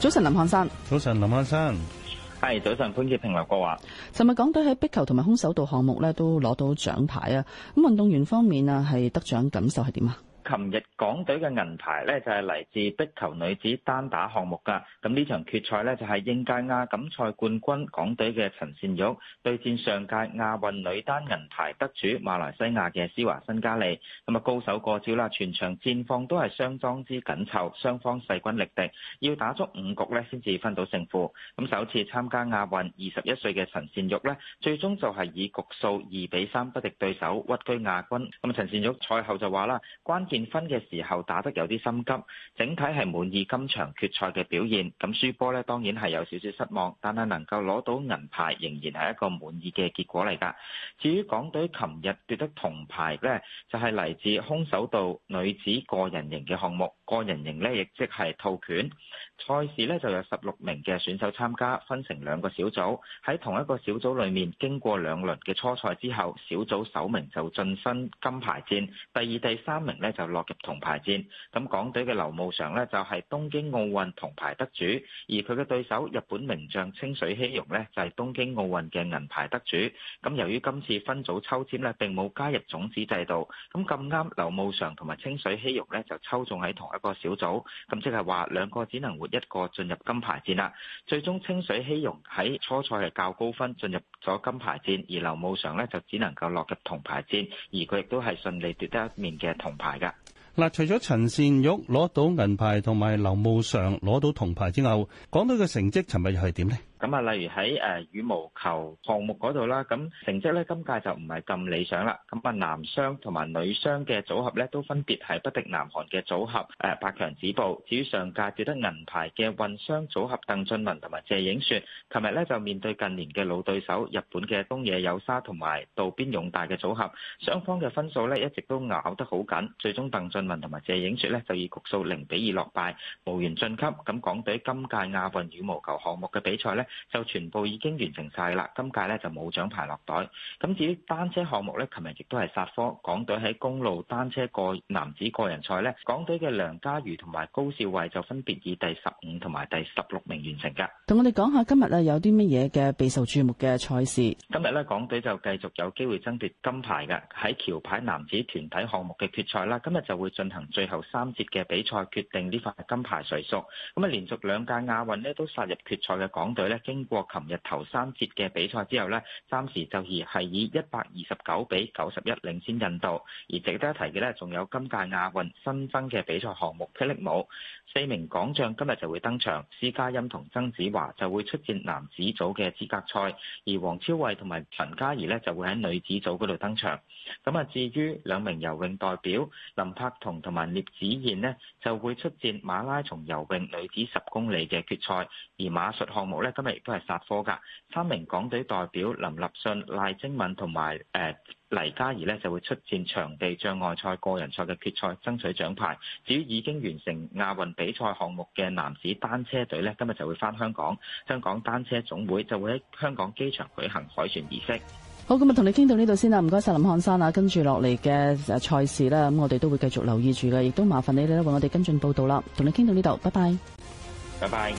早晨，林漢山。早晨，林漢山。係，早晨潘潔平劉國華。尋日港隊喺壁球同埋空手道項目咧都攞到獎牌啊！咁運動員方面啊，係得獎感受係點啊？琴日港隊嘅銀牌呢就係嚟自壁球女子單打項目，㗎，咁呢場決賽呢就係應屆亞錦賽冠軍港隊嘅陳善鈺對戰上屆亞運女單銀牌得主馬來西亞嘅施華辛加利，咁啊高手過招啦，全場戰況都係相當之緊湊，雙方勢均力敵，要打足五局呢先至分到勝負。咁首次參加亞運，二十一歲嘅陳善鈺呢最終就係以局數二比三不敵對手，屈居亞軍。咁啊，陳善鈺賽後就話啦，關鍵分嘅時候打得有啲心急，整體係滿意今場決賽嘅表現。咁輸波呢，當然係有少少失望，但係能夠攞到銀牌，仍然係一個滿意嘅結果嚟噶。至於港隊琴日奪得銅牌呢，就係嚟自空手道女子個人型嘅項目，個人型呢，亦即係套拳。賽事咧就有十六名嘅選手參加，分成兩個小組，喺同一個小組裏面經過兩輪嘅初賽之後，小組首名就晉身金牌戰，第二、第三名呢就落入銅牌戰。咁港隊嘅劉慕裳呢就係東京奧運銅牌得主，而佢嘅對手日本名將清水希容呢就係東京奧運嘅銀牌得主。咁由於今次分組抽籤呢並冇加入種子制度，咁咁啱劉慕裳同埋清水希容呢就抽中喺同一個小組，咁即係話兩個只能會。一個進入金牌戰啦，最終清水希容喺初賽係較高分進入咗金牌戰，而劉慕裳呢就只能夠落入銅牌戰，而佢亦都係順利奪得一面嘅銅牌噶。嗱，除咗陳善鈺攞到銀牌同埋劉慕裳攞到銅牌之後，港隊嘅成績，尋日又係點呢？咁啊，例如喺誒羽毛球項目嗰度啦，咁成績咧今屆就唔係咁理想啦。咁啊，男雙同埋女雙嘅組合咧，都分別係不敵南韓嘅組合，誒八強止步。至於上屆奪得銀牌嘅混雙組合鄧俊文同埋謝影雪，琴日咧就面對近年嘅老對手日本嘅東野有紗同埋渡邊勇大嘅組合，雙方嘅分數咧一直都咬得好緊，最終鄧俊文同埋謝影雪咧就以局數零比二落敗，無緣晉級。咁港隊今屆亞運羽毛球項目嘅比賽咧，就全部已經完成晒啦，今屆呢，就冇獎牌落袋。咁至於單車項目呢，琴日亦都係殺科，港隊喺公路單車個男子個人賽呢，港隊嘅梁家如同埋高少慧就分別以第十五同埋第十六名完成嘅。同我哋講下今日呢，有啲乜嘢嘅備受注目嘅賽事？今日呢，港隊就繼續有機會爭奪金牌嘅喺橋牌男子團體項目嘅決賽啦。今日就會進行最後三節嘅比賽，決定呢塊金牌誰屬。咁啊，連續兩屆亞運呢，都殺入決賽嘅港隊呢。經過琴日頭三節嘅比賽之後呢，暫時就而係以一百二十九比九十一領先印度。而值得一提嘅呢，仲有今屆亞運新增嘅比賽項目霹靂舞，四名港將今日就會登場。施嘉欣同曾子華就會出戰男子組嘅資格賽，而黃超慧同埋陳嘉怡呢就會喺女子組嗰度登場。咁啊，至於兩名游泳代表林柏彤同埋聶子賢呢，就會出戰馬拉松游泳女子十公里嘅決賽。而馬術項目呢，今都係殺科噶，三名港隊代表林立信、賴晶敏同埋誒黎嘉儀呢就會出戰場地障礙賽個人賽嘅決賽，爭取獎牌。至於已經完成亞運比賽項目嘅男子單車隊呢，今日就會翻香港，香港單車總會就會喺香港機場舉行凱旋儀式。好，咁啊同你傾到你呢度先啦，唔該晒林漢山啊。跟住落嚟嘅賽事咧，咁我哋都會繼續留意住嘅，亦都麻煩你哋咧為我哋跟進報道啦。同你傾到呢度，拜拜，拜拜。